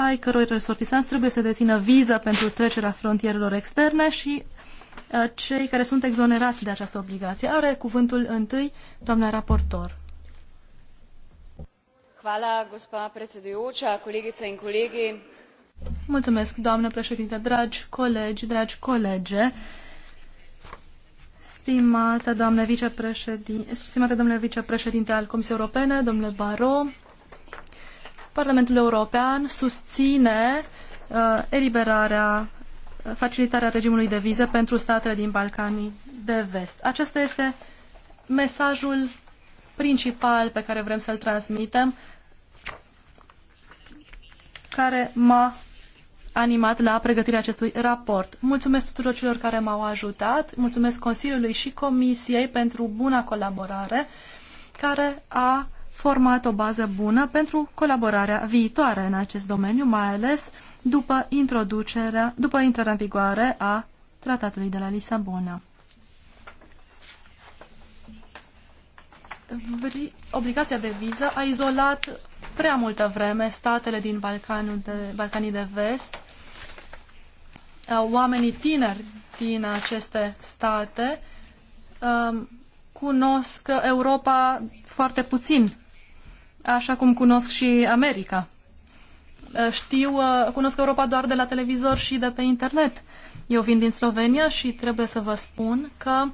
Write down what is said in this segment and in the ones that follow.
ai căror resortisanți trebuie să dețină viză pentru trecerea frontierelor externe și uh, cei care sunt exonerați de această obligație. Are cuvântul întâi doamna raportor. Hvala, Mulțumesc, doamnă președinte, dragi colegi, dragi colege. Stimată doamnă vicepreședinte, stimate domnule vicepreședinte al Comisiei Europene, domnule Baro, Parlamentul European susține uh, eliberarea, uh, facilitarea regimului de vize pentru statele din Balcanii de vest. Acesta este mesajul principal pe care vrem să-l transmitem, care m-a animat la pregătirea acestui raport. Mulțumesc tuturor celor care m-au ajutat, mulțumesc Consiliului și Comisiei pentru buna colaborare care a format o bază bună pentru colaborarea viitoare în acest domeniu, mai ales după, introducerea, după intrarea în vigoare a Tratatului de la Lisabona. Obligația de viză a izolat prea multă vreme statele din Balcanul de, Balcanii de Vest, oamenii tineri din aceste state um, cunosc Europa foarte puțin așa cum cunosc și America. Uh, știu, uh, cunosc Europa doar de la televizor și de pe internet. Eu vin din Slovenia și trebuie să vă spun că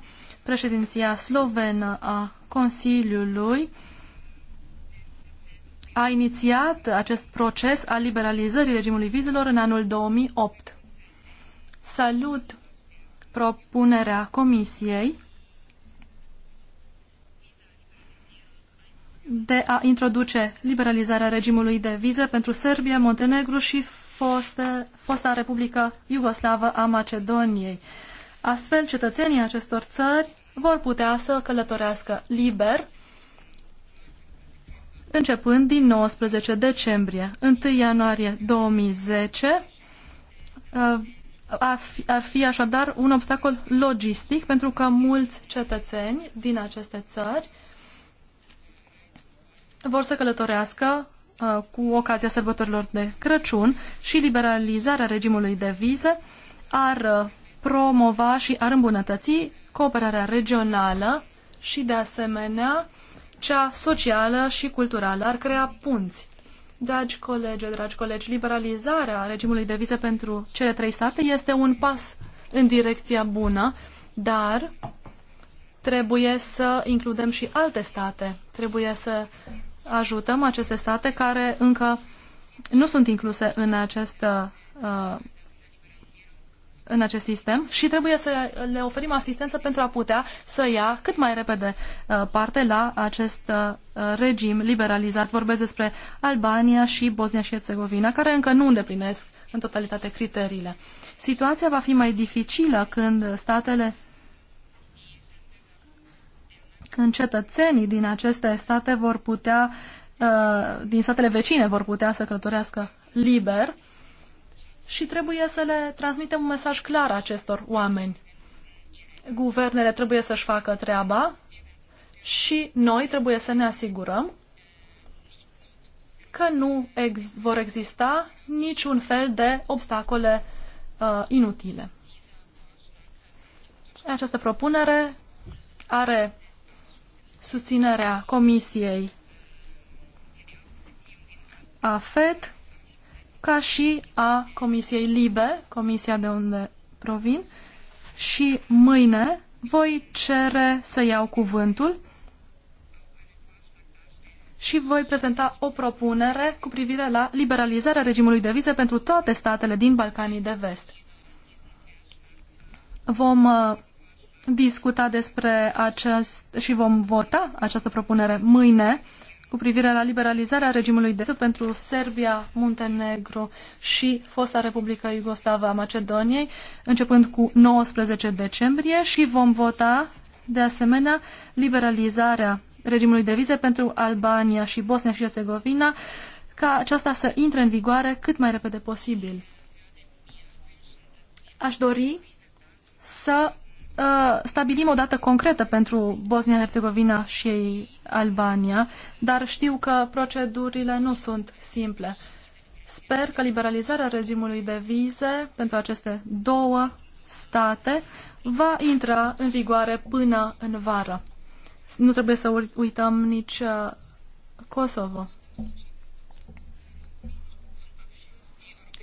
președinția slovenă a Consiliului a inițiat acest proces al liberalizării regimului vizelor în anul 2008. Salut propunerea Comisiei de a introduce liberalizarea regimului de vize pentru Serbia, Montenegru și foste, fosta Republică Iugoslavă a Macedoniei. Astfel, cetățenii acestor țări vor putea să călătorească liber începând din 19 decembrie. 1 ianuarie 2010 uh, ar fi, ar fi așadar un obstacol logistic pentru că mulți cetățeni din aceste țări vor să călătorească uh, cu ocazia sărbătorilor de Crăciun și liberalizarea regimului de vize ar uh, promova și ar îmbunătăți cooperarea regională și, de asemenea, cea socială și culturală. Ar crea punți. Dragi colegi, dragi colegi, liberalizarea regimului de vize pentru cele trei state este un pas în direcția bună, dar trebuie să includem și alte state. Trebuie să ajutăm aceste state care încă nu sunt incluse în acest, uh, în acest sistem și trebuie să le oferim asistență pentru a putea să ia cât mai repede uh, parte la acest uh, regim liberalizat. Vorbesc despre Albania și Bosnia și Herțegovina, care încă nu îndeplinesc în totalitate criteriile. Situația va fi mai dificilă când statele când cetățenii din aceste state vor putea, uh, din statele vecine vor putea să călătorească liber și trebuie să le transmitem un mesaj clar acestor oameni. Guvernele trebuie să-și facă treaba și noi trebuie să ne asigurăm că nu ex- vor exista niciun fel de obstacole uh, inutile. Această propunere are susținerea Comisiei AFET ca și a Comisiei LIBE, comisia de unde provin, și mâine voi cere să iau cuvântul și voi prezenta o propunere cu privire la liberalizarea regimului de vize pentru toate statele din Balcanii de Vest. Vom uh, discuta despre acest și vom vota această propunere mâine cu privire la liberalizarea regimului de pentru Serbia, Muntenegru și fosta Republică Iugoslavă a Macedoniei, începând cu 19 decembrie și vom vota de asemenea liberalizarea regimului de vize pentru Albania și Bosnia și Herțegovina, ca aceasta să intre în vigoare cât mai repede posibil. Aș dori să Uh, stabilim o dată concretă pentru Bosnia-Herzegovina și Albania, dar știu că procedurile nu sunt simple. Sper că liberalizarea regimului de vize pentru aceste două state va intra în vigoare până în vară. Nu trebuie să uităm nici uh, Kosovo.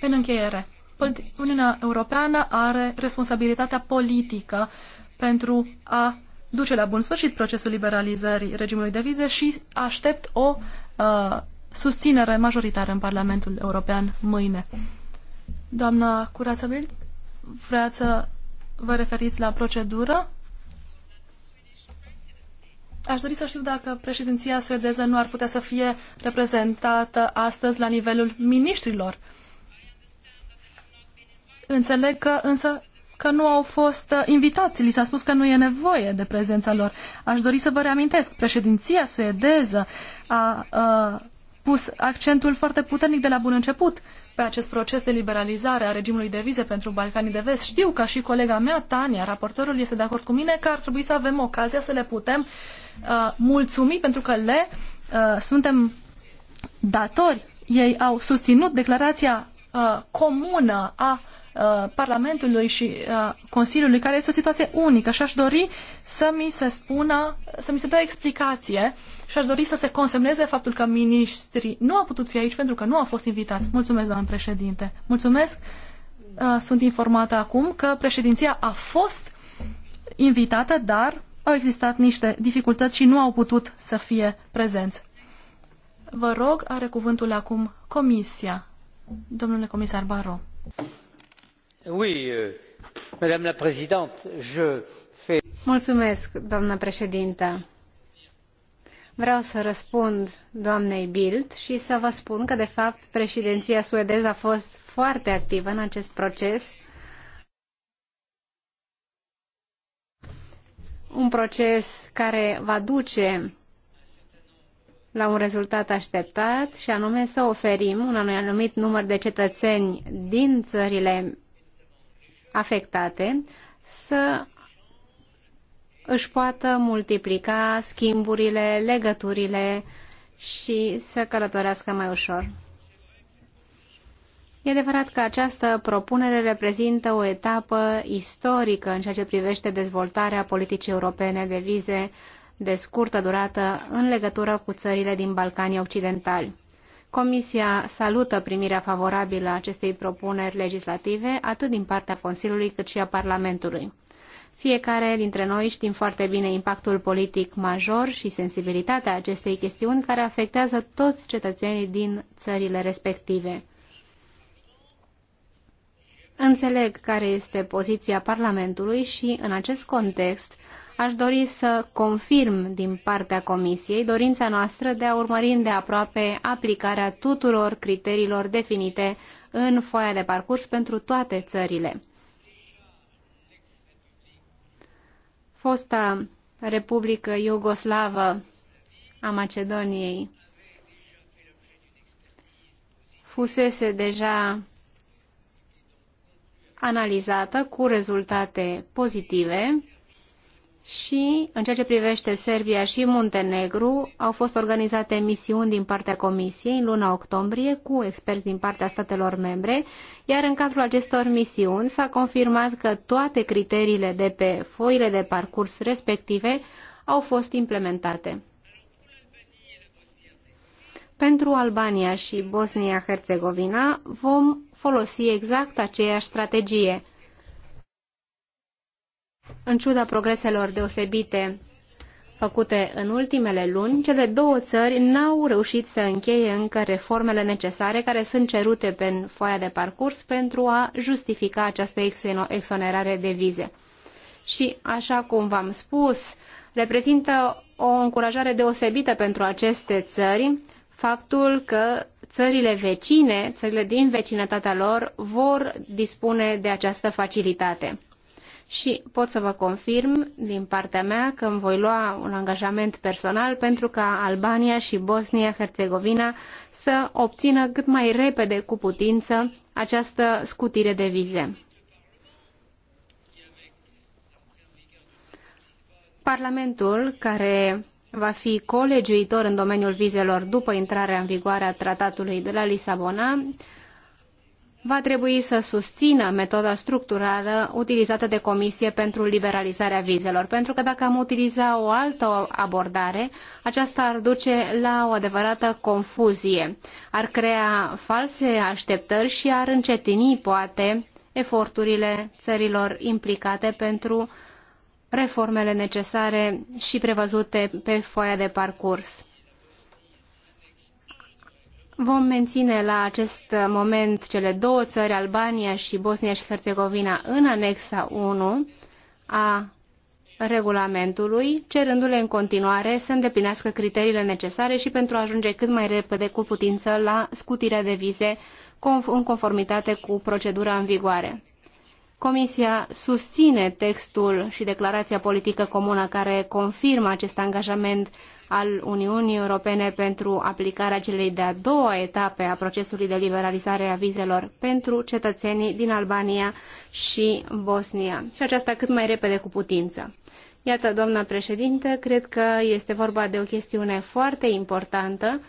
În încheiere, Păi, Uniunea Europeană are responsabilitatea politică pentru a duce la bun sfârșit procesul liberalizării regimului de vize și aștept o uh, susținere majoritară în Parlamentul European mâine. Doamna Curațabil, vreați să vă referiți la procedură? Aș dori să știu dacă președinția suedeză nu ar putea să fie reprezentată astăzi la nivelul ministrilor. Uh, Înțeleg că însă că nu au fost uh, invitați. Li s-a spus că nu e nevoie de prezența lor. Aș dori să vă reamintesc, președinția suedeză a, a uh, pus accentul foarte puternic de la bun început pe acest proces de liberalizare a regimului de vize pentru Balcanii de Vest. Știu ca și colega mea, Tania, raportorul, este de acord cu mine că ar trebui să avem ocazia să le putem a, uh, mulțumi pentru că le a, suntem datori. Ei au susținut declarația a, comună a Uh, Parlamentului și a uh, Consiliului, care este o situație unică și aș dori să mi se spună, să mi se dea o explicație și aș dori să se consemneze faptul că ministrii nu au putut fi aici pentru că nu au fost invitați. Mulțumesc, doamnă președinte. Mulțumesc. Uh, sunt informată acum că președinția a fost invitată, dar au existat niște dificultăți și nu au putut să fie prezenți. Vă rog, are cuvântul acum Comisia. Domnule comisar Baro. Oui, euh, doamnă președintă. Vreau să răspund doamnei Bild și să vă spun că, de fapt, președinția suedeză a fost foarte activă în acest proces. Un proces care va duce la un rezultat așteptat și anume să oferim un anumit număr de cetățeni din țările afectate să își poată multiplica schimburile, legăturile și să călătorească mai ușor. E adevărat că această propunere reprezintă o etapă istorică în ceea ce privește dezvoltarea politicii europene de vize de scurtă durată în legătură cu țările din Balcanii Occidentali. Comisia salută primirea favorabilă a acestei propuneri legislative, atât din partea Consiliului cât și a Parlamentului. Fiecare dintre noi știm foarte bine impactul politic major și sensibilitatea acestei chestiuni care afectează toți cetățenii din țările respective. Înțeleg care este poziția Parlamentului și, în acest context, aș dori să confirm din partea Comisiei dorința noastră de a urmări îndeaproape aplicarea tuturor criteriilor definite în foaia de parcurs pentru toate țările. Fosta Republică Iugoslavă a Macedoniei fusese deja analizată cu rezultate pozitive și, în ceea ce privește Serbia și Muntenegru, au fost organizate misiuni din partea Comisiei în luna octombrie cu experți din partea statelor membre, iar în cadrul acestor misiuni s-a confirmat că toate criteriile de pe foile de parcurs respective au fost implementate. Pentru Albania și Bosnia-Herzegovina vom folosi exact aceeași strategie – în ciuda progreselor deosebite făcute în ultimele luni, cele două țări n-au reușit să încheie încă reformele necesare care sunt cerute pe foaia de parcurs pentru a justifica această exonerare de vize. Și, așa cum v-am spus, reprezintă o încurajare deosebită pentru aceste țări faptul că țările vecine, țările din vecinătatea lor, vor dispune de această facilitate și pot să vă confirm din partea mea că îmi voi lua un angajament personal pentru ca Albania și Bosnia-Herzegovina să obțină cât mai repede cu putință această scutire de vize. Parlamentul, care va fi colegiuitor în domeniul vizelor după intrarea în vigoare a tratatului de la Lisabona, va trebui să susțină metoda structurală utilizată de Comisie pentru liberalizarea vizelor, pentru că dacă am utiliza o altă abordare, aceasta ar duce la o adevărată confuzie, ar crea false așteptări și ar încetini, poate, eforturile țărilor implicate pentru reformele necesare și prevăzute pe foaia de parcurs. Vom menține la acest moment cele două țări, Albania și Bosnia și Herțegovina, în anexa 1 a regulamentului, cerându-le în continuare să îndeplinească criteriile necesare și pentru a ajunge cât mai repede cu putință la scutirea de vize în conformitate cu procedura în vigoare. Comisia susține textul și declarația politică comună care confirmă acest angajament al Uniunii Europene pentru aplicarea celei de-a doua etape a procesului de liberalizare a vizelor pentru cetățenii din Albania și Bosnia. Și aceasta cât mai repede cu putință. Iată, doamna președintă, cred că este vorba de o chestiune foarte importantă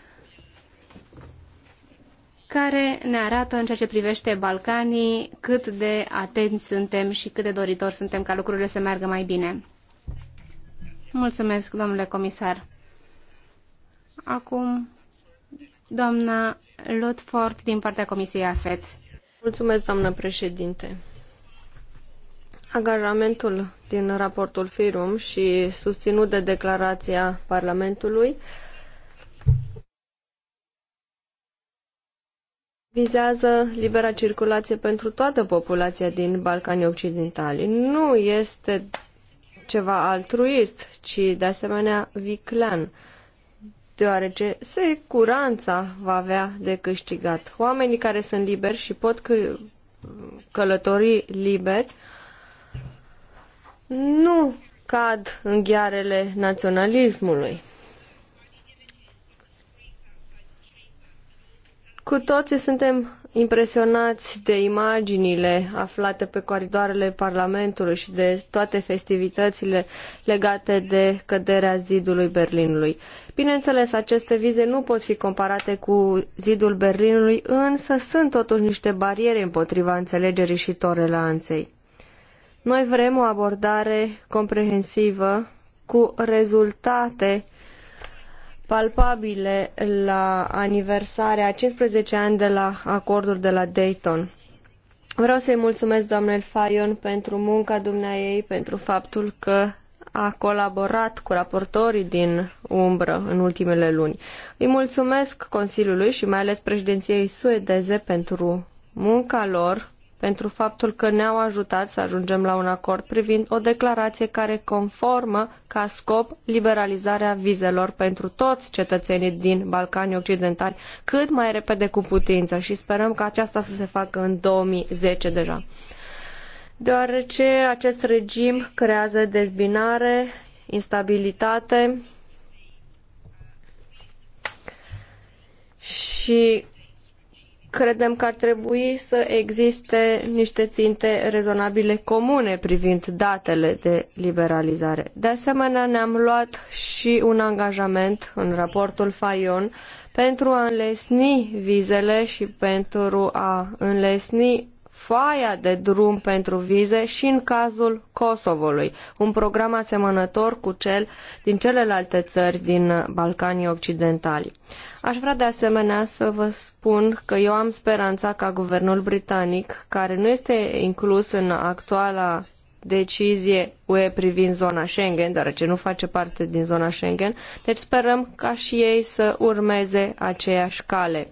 care ne arată în ceea ce privește Balcanii cât de atenți suntem și cât de doritori suntem ca lucrurile să meargă mai bine. Mulțumesc, domnule comisar. Acum, doamna Lutford din partea Comisiei AFET. Mulțumesc, doamnă președinte. Agajamentul din raportul FIRUM și susținut de declarația Parlamentului vizează libera circulație pentru toată populația din Balcanii Occidentali. Nu este ceva altruist, ci de asemenea viclean deoarece securanța va avea de câștigat. Oamenii care sunt liberi și pot că- călători liberi nu cad în ghearele naționalismului. Cu toții suntem impresionați de imaginile aflate pe coridoarele Parlamentului și de toate festivitățile legate de căderea zidului Berlinului. Bineînțeles, aceste vize nu pot fi comparate cu zidul Berlinului, însă sunt totuși niște bariere împotriva înțelegerii și toleranței. Noi vrem o abordare comprehensivă cu rezultate palpabile la aniversarea 15 ani de la acordul de la Dayton. Vreau să-i mulțumesc doamnei Fayon pentru munca dumneaei, pentru faptul că a colaborat cu raportorii din umbră în ultimele luni. Îi mulțumesc Consiliului și mai ales președinției suedeze pentru munca lor pentru faptul că ne-au ajutat să ajungem la un acord privind o declarație care conformă ca scop liberalizarea vizelor pentru toți cetățenii din Balcanii Occidentali cât mai repede cu putință și sperăm ca aceasta să se facă în 2010 deja. Deoarece acest regim creează dezbinare, instabilitate și Credem că ar trebui să existe niște ținte rezonabile comune privind datele de liberalizare. De asemenea, ne-am luat și un angajament în raportul Fayon pentru a înlesni vizele și pentru a înlesni foaia de drum pentru vize și în cazul Kosovului, un program asemănător cu cel din celelalte țări din Balcanii Occidentali. Aș vrea de asemenea să vă spun că eu am speranța ca guvernul britanic, care nu este inclus în actuala decizie UE privind zona Schengen, deoarece nu face parte din zona Schengen, deci sperăm ca și ei să urmeze aceeași cale.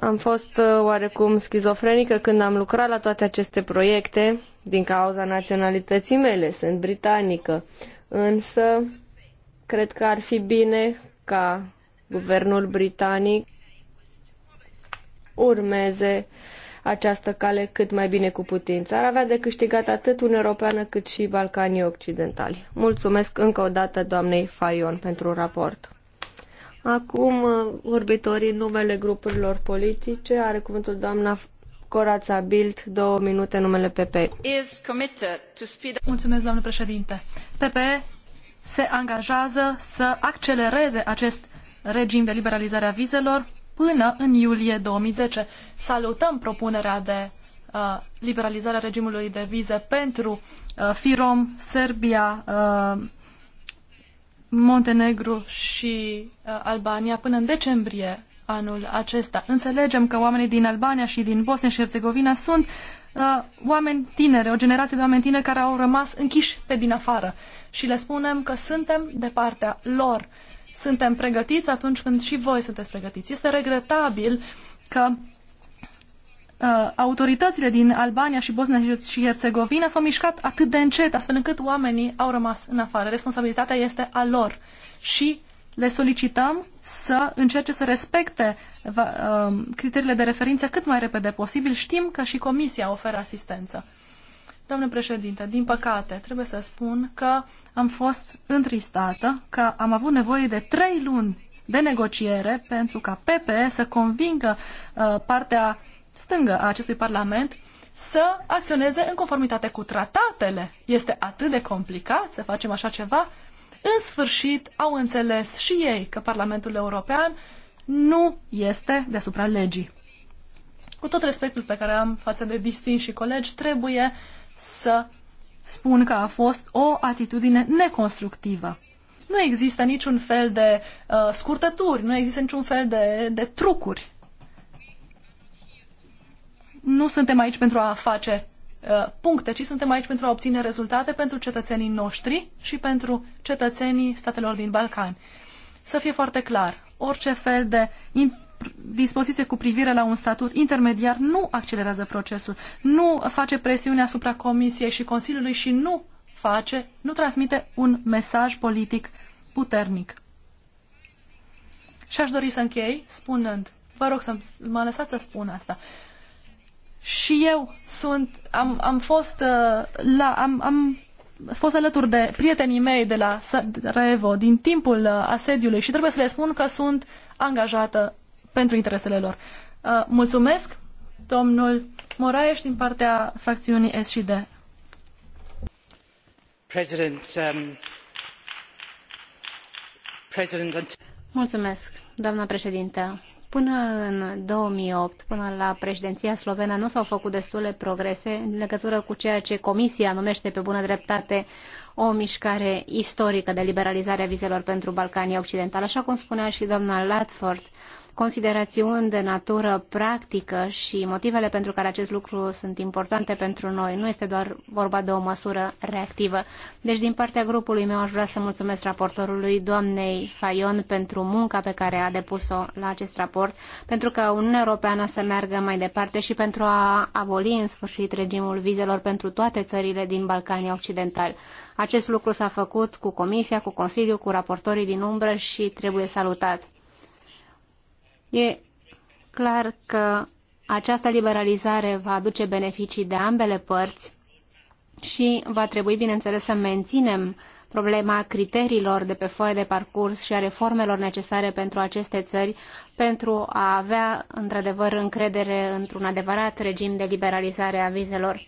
Am fost uh, oarecum schizofrenică când am lucrat la toate aceste proiecte din cauza naționalității mele, sunt britanică, însă cred că ar fi bine ca guvernul britanic urmeze această cale cât mai bine cu putință. Ar avea de câștigat atât Uniunea Europeană cât și Balcanii Occidentali. Mulțumesc încă o dată doamnei Fayon pentru un raport. Acum, uh, vorbitorii numele grupurilor politice, are cuvântul doamna Corața Bild, două minute numele PP. Mulțumesc, doamnă președinte. PP se angajează să accelereze acest regim de liberalizare a vizelor până în iulie 2010. Salutăm propunerea de uh, liberalizare a regimului de vize pentru uh, FIROM, Serbia, uh, Montenegru și uh, Albania până în decembrie anul acesta. Înțelegem că oamenii din Albania și din Bosnia și Herzegovina sunt uh, oameni tineri, o generație de oameni tineri care au rămas închiși pe din afară și le spunem că suntem de partea lor. Suntem pregătiți atunci când și voi sunteți pregătiți. Este regretabil că Uh, autoritățile din Albania și Bosnia și Herțegovina s-au mișcat atât de încet, astfel încât oamenii au rămas în afară. Responsabilitatea este a lor și le solicităm să încerce să respecte um, criteriile de referință cât mai repede posibil. Știm că și Comisia oferă asistență. Domnule președinte, din păcate, trebuie să spun că am fost întristată, că am avut nevoie de trei luni de negociere pentru ca PPE să convingă uh, partea stângă a acestui Parlament să acționeze în conformitate cu tratatele. Este atât de complicat să facem așa ceva. În sfârșit, au înțeles și ei că Parlamentul European nu este deasupra legii. Cu tot respectul pe care am față de distinși și colegi, trebuie să spun că a fost o atitudine neconstructivă. Nu există niciun fel de uh, scurtături, nu există niciun fel de, de trucuri nu suntem aici pentru a face uh, puncte, ci suntem aici pentru a obține rezultate pentru cetățenii noștri și pentru cetățenii statelor din Balcani. Să fie foarte clar, orice fel de dispoziție cu privire la un statut intermediar nu accelerează procesul, nu face presiune asupra Comisiei și Consiliului și nu face, nu transmite un mesaj politic puternic. Și aș dori să închei spunând, vă rog să mă lăsați să spun asta, și eu sunt, am, am fost uh, la, am, am fost alături de prietenii mei de la Sarajevo din timpul uh, asediului și trebuie să le spun că sunt angajată pentru interesele lor. Uh, mulțumesc, domnul Moraes, din partea fracțiunii SD. President, um, President... Mulțumesc, doamna președintă. Până în 2008, până la președinția slovenă, nu s-au făcut destule progrese în legătură cu ceea ce Comisia numește pe bună dreptate o mișcare istorică de liberalizare a vizelor pentru Balcanii Occidentali. Așa cum spunea și doamna Latford, considerațiuni de natură practică și motivele pentru care acest lucru sunt importante pentru noi. Nu este doar vorba de o măsură reactivă. Deci, din partea grupului meu, aș vrea să mulțumesc raportorului doamnei Fayon pentru munca pe care a depus-o la acest raport, pentru că Uniunea Europeană să meargă mai departe și pentru a aboli în sfârșit regimul vizelor pentru toate țările din Balcanii Occidentali. Acest lucru s-a făcut cu Comisia, cu Consiliul, cu raportorii din umbră și trebuie salutat. E clar că această liberalizare va aduce beneficii de ambele părți și va trebui, bineînțeles, să menținem problema criteriilor de pe foaie de parcurs și a reformelor necesare pentru aceste țări pentru a avea, într-adevăr, încredere într-un adevărat regim de liberalizare a vizelor.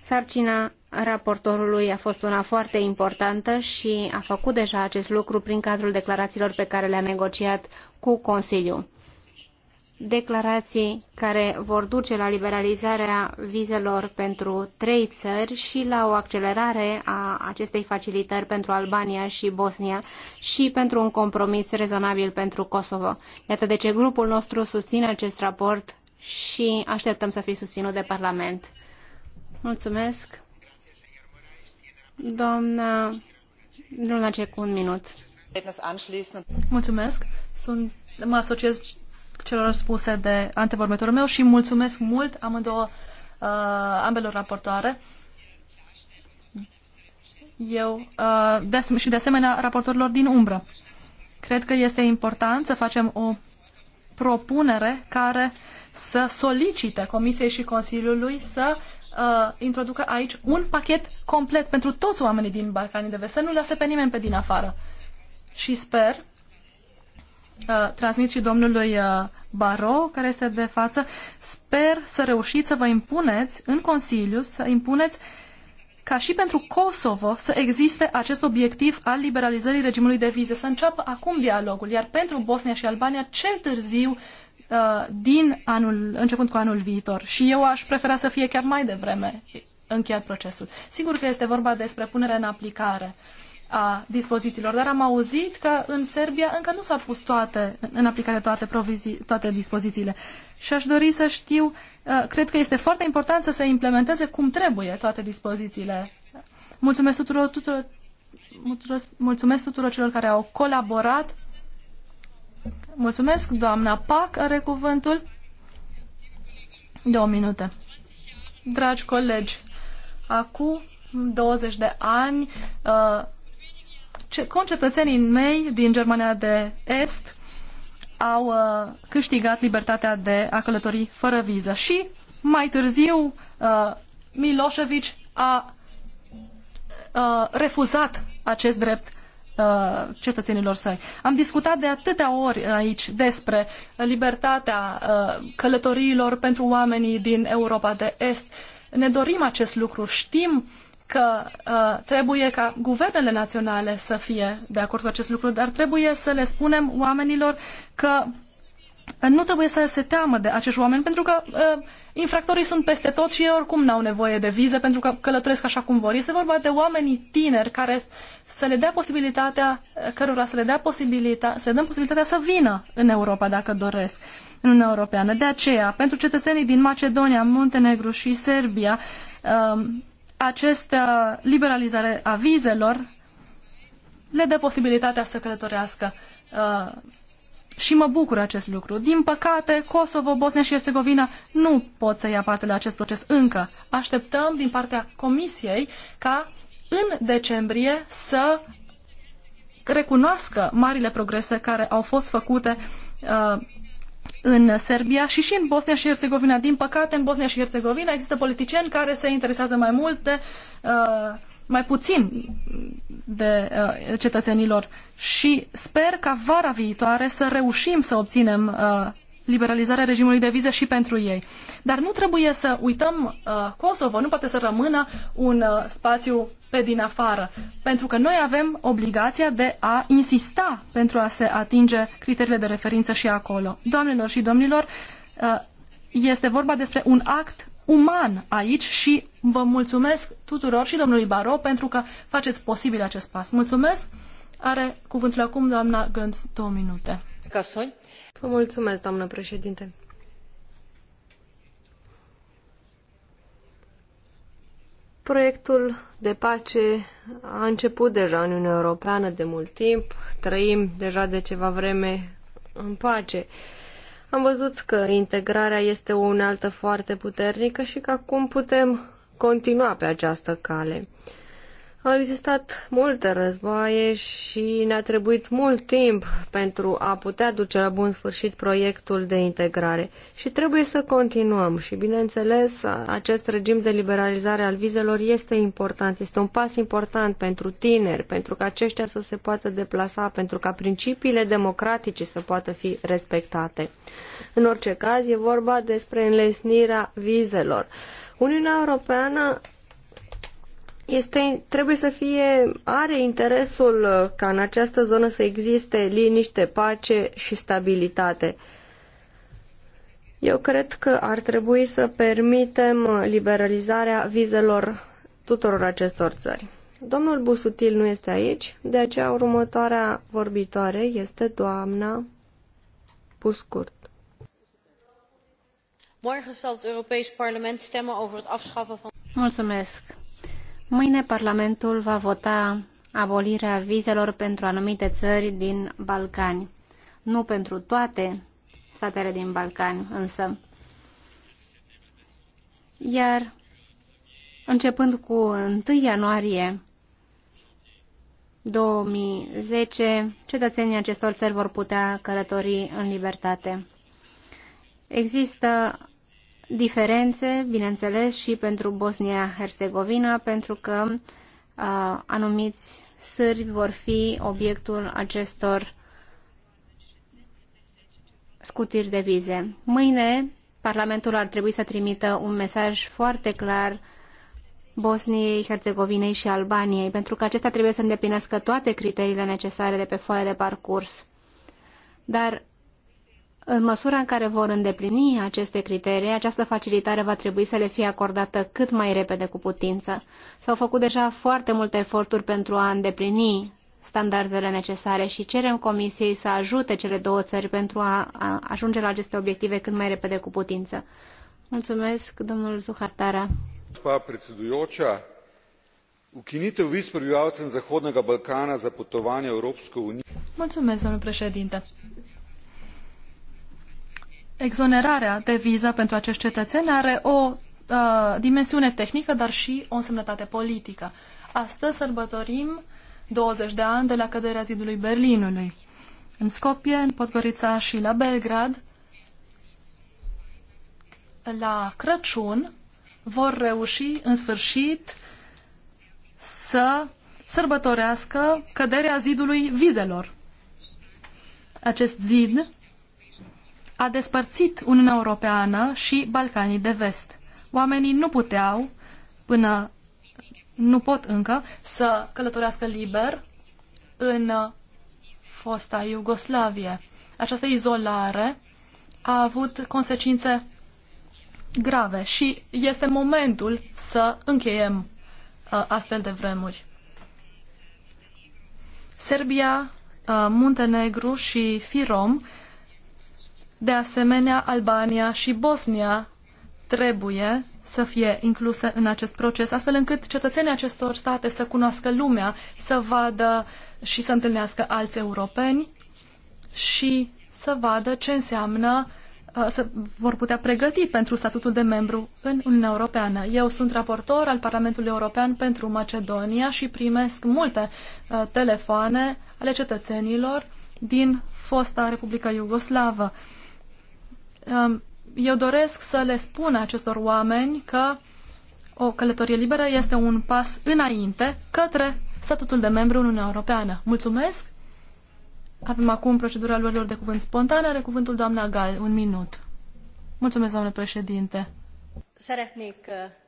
Sarcina raportorului a fost una foarte importantă și a făcut deja acest lucru prin cadrul declarațiilor pe care le-a negociat cu Consiliul. Declarații care vor duce la liberalizarea vizelor pentru trei țări și la o accelerare a acestei facilitări pentru Albania și Bosnia și pentru un compromis rezonabil pentru Kosovo. Iată de ce grupul nostru susține acest raport și așteptăm să fie susținut de Parlament. Mulțumesc! Doamna Lunacek, un minut. Mulțumesc. Sunt, mă asociez celor spuse de antevorbitorul meu și mulțumesc mult amândouă, uh, ambelor raportoare. Eu uh, de, și de asemenea raportorilor din umbră. Cred că este important să facem o propunere care să solicite Comisiei și Consiliului să uh, uh, introducă aici un pachet complet pentru toți oamenii din Balcanii de Vest, să nu lase pe nimeni pe din afară. Și sper, uh, transmit și domnului uh, Baro, care este de față, sper să reușiți să vă impuneți în Consiliu, să impuneți ca și pentru Kosovo să existe acest obiectiv al liberalizării regimului de vize, să înceapă acum dialogul, iar pentru Bosnia și Albania cel târziu Uh, din anul, începând cu anul viitor. Și eu aș prefera să fie chiar mai devreme încheiat procesul. Sigur că este vorba despre punerea în aplicare a dispozițiilor, dar am auzit că în Serbia încă nu s-au pus toate, în aplicare toate, provizii, toate dispozițiile. Și aș dori să știu, uh, cred că este foarte important să se implementeze cum trebuie toate dispozițiile. Mulțumesc tuturor, tuturor, mulțumesc tuturor celor care au colaborat Mulțumesc, doamna Pac are cuvântul. Două minute. Dragi colegi, acum 20 de ani, uh, concetățenii mei din Germania de Est au uh, câștigat libertatea de a călători fără viză și mai târziu uh, Milosevic a refuzat acest drept Uh, cetățenilor săi. Am discutat de atâtea ori aici despre libertatea uh, călătoriilor pentru oamenii din Europa de Est. Ne dorim acest lucru, știm că uh, trebuie ca guvernele naționale să fie de acord cu acest lucru, dar trebuie să le spunem oamenilor că nu trebuie să se teamă de acești oameni pentru că uh, infractorii sunt peste tot și ei oricum n-au nevoie de vize pentru că călătoresc așa cum vor. Este vorba de oamenii tineri care să le dea posibilitatea, uh, cărora să le dea posibilitatea, să le dăm posibilitatea să vină în Europa dacă doresc în Uniunea Europeană. De aceea, pentru cetățenii din Macedonia, Muntenegru și Serbia, uh, această liberalizare a vizelor le dă posibilitatea să călătorească uh, și mă bucur acest lucru. Din păcate, Kosovo, Bosnia și Herțegovina nu pot să ia parte la acest proces încă. Așteptăm din partea Comisiei ca în decembrie să recunoască marile progrese care au fost făcute uh, în Serbia și și în Bosnia și Herțegovina. Din păcate, în Bosnia și Herțegovina există politicieni care se interesează mai mult de uh, mai puțin de uh, cetățenilor și sper ca vara viitoare să reușim să obținem uh, liberalizarea regimului de vize și pentru ei. Dar nu trebuie să uităm uh, Kosovo, nu poate să rămână un uh, spațiu pe din afară, pentru că noi avem obligația de a insista pentru a se atinge criteriile de referință și acolo. Doamnelor și domnilor, uh, este vorba despre un act uman aici și vă mulțumesc tuturor și domnului Baro pentru că faceți posibil acest pas. Mulțumesc! Are cuvântul acum doamna Gânț două minute. Casoi. Vă mulțumesc, doamnă președinte. Proiectul de pace a început deja în Uniunea Europeană de mult timp, trăim deja de ceva vreme în pace. Uh, am văzut că integrarea este o unealtă foarte puternică și că acum putem continua pe această cale. Au existat multe războaie și ne-a trebuit mult timp pentru a putea duce la bun sfârșit proiectul de integrare. Și trebuie să continuăm. Și, bineînțeles, acest regim de liberalizare al vizelor este important. Este un pas important pentru tineri, pentru ca aceștia să se poată deplasa, pentru ca principiile democratice să poată fi respectate. În orice caz, e vorba despre înlesnirea vizelor. Uniunea Europeană este, trebuie să fie, are interesul uh, ca în această zonă să existe liniște, pace și stabilitate. Eu cred că ar trebui să permitem uh, liberalizarea vizelor tuturor acestor țări. Domnul Busutil nu este aici, de aceea următoarea vorbitoare este doamna Buscurt. Morgen zal het Europees Parlement stemmen over het afschaffen van... Mulțumesc. Mâine Parlamentul va vota abolirea vizelor pentru anumite țări din Balcani. Nu pentru toate statele din Balcani, însă. Iar începând cu 1 ianuarie 2010, cetățenii acestor țări vor putea călători în libertate. Există diferențe, bineînțeles, și pentru Bosnia-Herzegovina, pentru că uh, anumiți sârbi vor fi obiectul acestor scutiri de vize. Mâine, Parlamentul ar trebui să trimită un mesaj foarte clar Bosniei, Herzegovinei și Albaniei, pentru că acestea trebuie să îndeplinească toate criteriile necesare de pe foaia de parcurs. Dar în măsura în care vor îndeplini aceste criterii, această facilitare va trebui să le fie acordată cât mai repede cu putință. S-au făcut deja foarte multe eforturi pentru a îndeplini standardele necesare și cerem Comisiei să ajute cele două țări pentru a ajunge la aceste obiective cât mai repede cu putință. Mulțumesc, domnul Zuhartara. Mulțumesc, domnul președinte exonerarea de viză pentru acești cetățeni are o uh, dimensiune tehnică, dar și o însemnătate politică. Astăzi sărbătorim 20 de ani de la căderea zidului Berlinului. În Scopie, în Podgorița și la Belgrad, la Crăciun, vor reuși în sfârșit să sărbătorească căderea zidului vizelor. Acest zid a despărțit Uniunea Europeană și Balcanii de Vest. Oamenii nu puteau, până nu pot încă, să călătorească liber în fosta Iugoslavie. Această izolare a avut consecințe grave și este momentul să încheiem uh, astfel de vremuri. Serbia, uh, Muntenegru și Firom de asemenea, Albania și Bosnia trebuie să fie incluse în acest proces, astfel încât cetățenii acestor state să cunoască lumea, să vadă și să întâlnească alți europeni și să vadă ce înseamnă uh, să vor putea pregăti pentru statutul de membru în Uniunea Europeană. Eu sunt raportor al Parlamentului European pentru Macedonia și primesc multe uh, telefoane ale cetățenilor din fosta Republica Iugoslavă eu doresc să le spun acestor oameni că o călătorie liberă este un pas înainte către statutul de membru în Uniunea Europeană. Mulțumesc! Avem acum procedura luărilor de cuvânt spontane. Are cuvântul doamna Gal. Un minut. Mulțumesc, doamnă președinte. Szeretnék,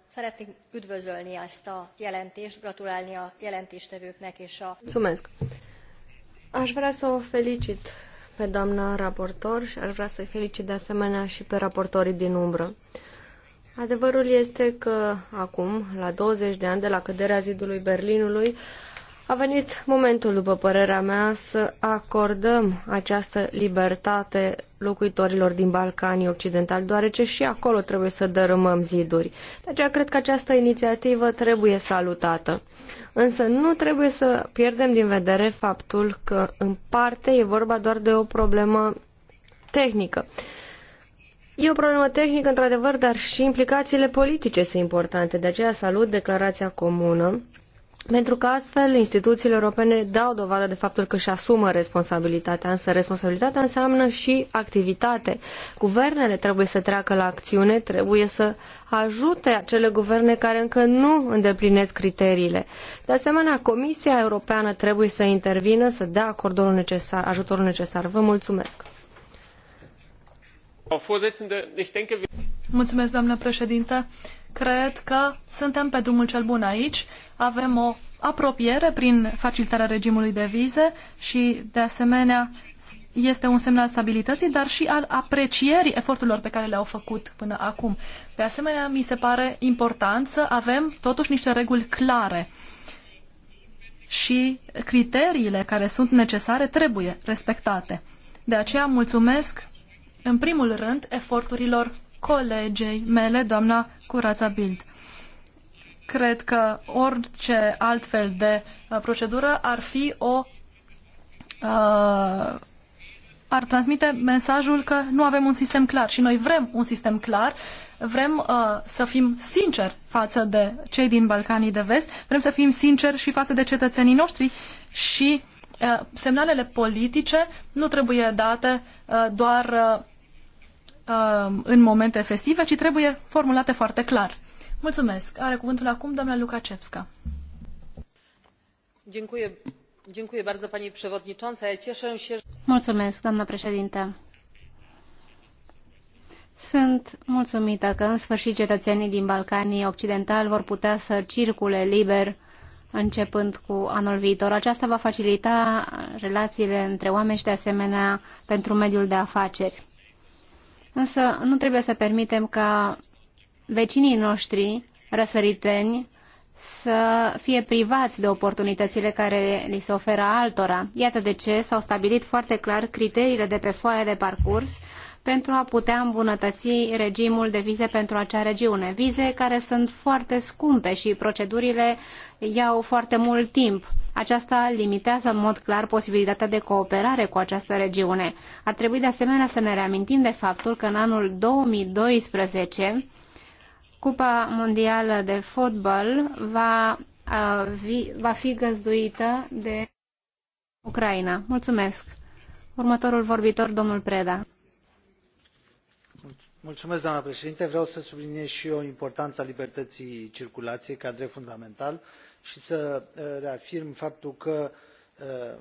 szeretnék üdvözölni ezt a jelentést, gratulálni a jelentéstevőknek és a... Mulțumesc. Aș vrea să o felicit pe doamna raportor și ar vrea să felicit de asemenea și pe raportorii din umbră. Adevărul este că acum, la 20 de ani de la căderea zidului Berlinului, uh, a venit momentul, după părerea mea, să acordăm această libertate locuitorilor din Balcanii Occidentali, deoarece și acolo trebuie să dărâmăm ziduri. De aceea cred că această inițiativă trebuie salutată. Însă nu trebuie să pierdem din vedere faptul că, în parte, e vorba doar de o problemă tehnică. E o problemă tehnică, într-adevăr, dar și implicațiile politice sunt importante. De aceea salut declarația comună pentru că astfel instituțiile europene dau dovadă de faptul că își asumă responsabilitatea, însă responsabilitatea înseamnă și activitate. Guvernele trebuie să treacă la acțiune, trebuie să ajute acele guverne care încă nu îndeplinesc criteriile. De asemenea, Comisia Europeană trebuie să intervină, să dea acordul necesar, ajutorul necesar. Vă mulțumesc! Mulțumesc, doamnă președintă! Cred că suntem pe drumul cel bun aici avem o apropiere prin facilitarea regimului de vize și, de asemenea, este un semn al stabilității, dar și al aprecierii eforturilor pe care le-au făcut până acum. De asemenea, mi se pare important să avem totuși niște reguli clare și criteriile care sunt necesare trebuie respectate. De aceea mulțumesc, în primul rând, eforturilor colegei mele, doamna Curața Bild. Cred că orice altfel de uh, procedură ar fi o uh, ar transmite mesajul că nu avem un sistem clar și noi vrem un sistem clar, vrem uh, să fim sinceri față de cei din Balcanii de Vest, vrem să fim sinceri și față de cetățenii noștri și uh, semnalele politice nu trebuie date uh, doar uh, uh, în momente festive, ci trebuie formulate foarte clar. Mulțumesc. Are cuvântul acum doamna Lukaczewska. Mulțumesc, doamna președinte. Sunt mulțumită că în sfârșit cetățenii din Balcanii Occidentali vor putea să circule liber începând cu anul viitor. Aceasta va facilita relațiile între oameni și de asemenea pentru mediul de afaceri. Însă nu trebuie să permitem ca vecinii noștri răsăriteni să fie privați de oportunitățile care li se oferă altora. Iată de ce s-au stabilit foarte clar criteriile de pe foaia de parcurs pentru a putea îmbunătăți regimul de vize pentru acea regiune. Vize care sunt foarte scumpe și procedurile iau foarte mult timp. Aceasta limitează în mod clar posibilitatea de cooperare cu această regiune. Ar trebui de asemenea să ne reamintim de faptul că în anul 2012 Cupa Mondială de Fotbal va, va fi găzduită de Ucraina. Mulțumesc. Următorul vorbitor, domnul Preda. Mulțumesc, doamna președinte. Vreau să subliniez și eu importanța libertății circulației ca drept fundamental și să uh, reafirm faptul că uh,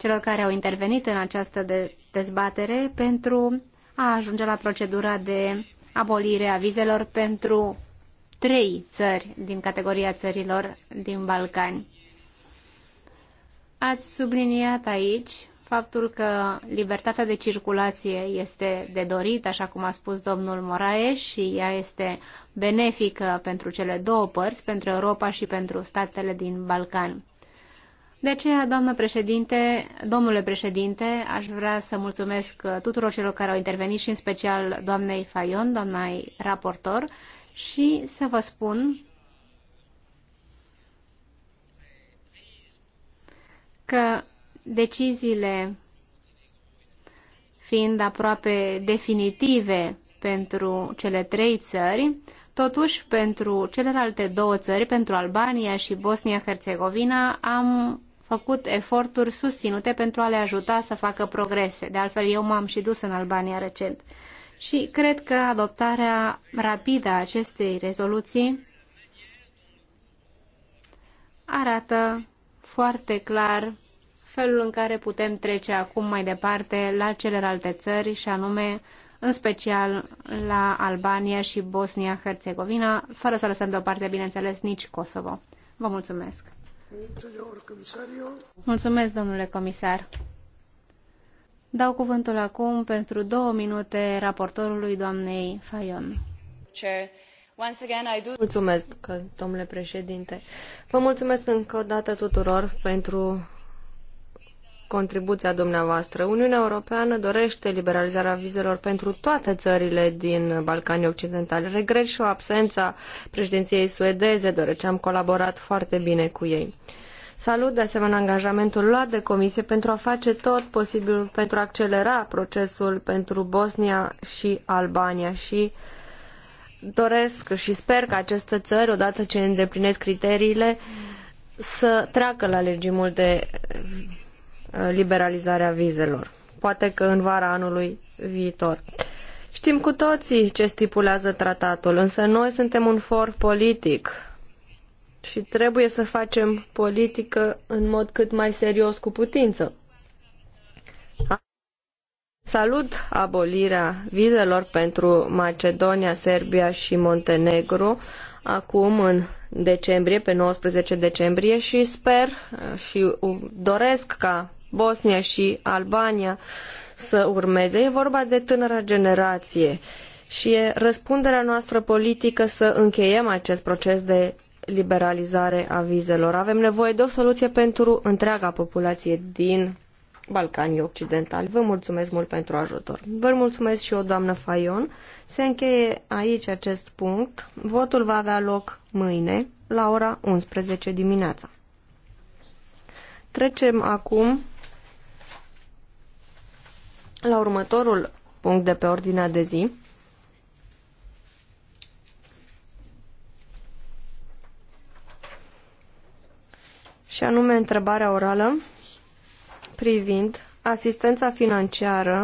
celor care au intervenit în această de dezbatere pentru a ajunge la procedura de abolire a vizelor pentru trei țări din categoria țărilor din Balcani. Ați subliniat aici faptul că libertatea de circulație este de dorit, așa cum a spus domnul Moraes, și ea este benefică pentru cele două părți, pentru Europa și pentru statele din Balcan. De aceea, doamnă președinte, domnule președinte, aș vrea să mulțumesc tuturor celor care au intervenit și în special doamnei Fayon, doamnei raportor, și să vă spun că deciziile fiind aproape definitive pentru cele trei țări, totuși pentru celelalte două țări, pentru Albania și Bosnia-Herzegovina, am făcut eforturi susținute pentru a le ajuta să facă progrese. De altfel, eu m-am și dus în Albania recent. Și cred că adoptarea rapidă a acestei rezoluții arată foarte clar felul în care putem trece acum mai departe la celelalte țări și anume în special la Albania și Bosnia-Herzegovina, fără să lăsăm deoparte, bineînțeles, nici Kosovo. Vă mulțumesc! Mulțumesc, domnule comisar. Dau cuvântul acum pentru două minute raportorului doamnei Fayon. Mulțumesc, domnule președinte. Vă mulțumesc încă o dată tuturor pentru contribuția dumneavoastră. Uniunea Europeană dorește liberalizarea vizelor pentru toate țările din Balcanii Occidentali. Regret și o absența președinției suedeze, deoarece am colaborat foarte bine cu ei. Salut de asemenea angajamentul luat de Comisie pentru a face tot posibilul pentru a accelera procesul pentru Bosnia și Albania și doresc și sper că aceste țări, odată ce îndeplinesc criteriile, să treacă la regimul de Uh, liberalizarea vizelor. Poate că în vara anului viitor. Știm cu toții ce stipulează tratatul, însă noi suntem un for politic și trebuie să facem politică în mod cât mai serios cu putință. Salut abolirea vizelor pentru Macedonia, Serbia și Montenegro acum în decembrie, pe 19 decembrie și sper și doresc ca Bosnia și Albania să urmeze. E vorba de tânăra generație și e răspunderea noastră politică să încheiem acest proces de liberalizare a vizelor. Avem nevoie de o soluție pentru întreaga populație din Balcanii Occidentali. Vă mulțumesc mult pentru ajutor. Vă mulțumesc și eu, doamnă Fayon. Se încheie aici acest punct. Votul va avea loc mâine la ora 11 dimineața. Trecem acum la următorul punct de pe ordinea de zi. Și anume întrebarea orală privind asistența financiară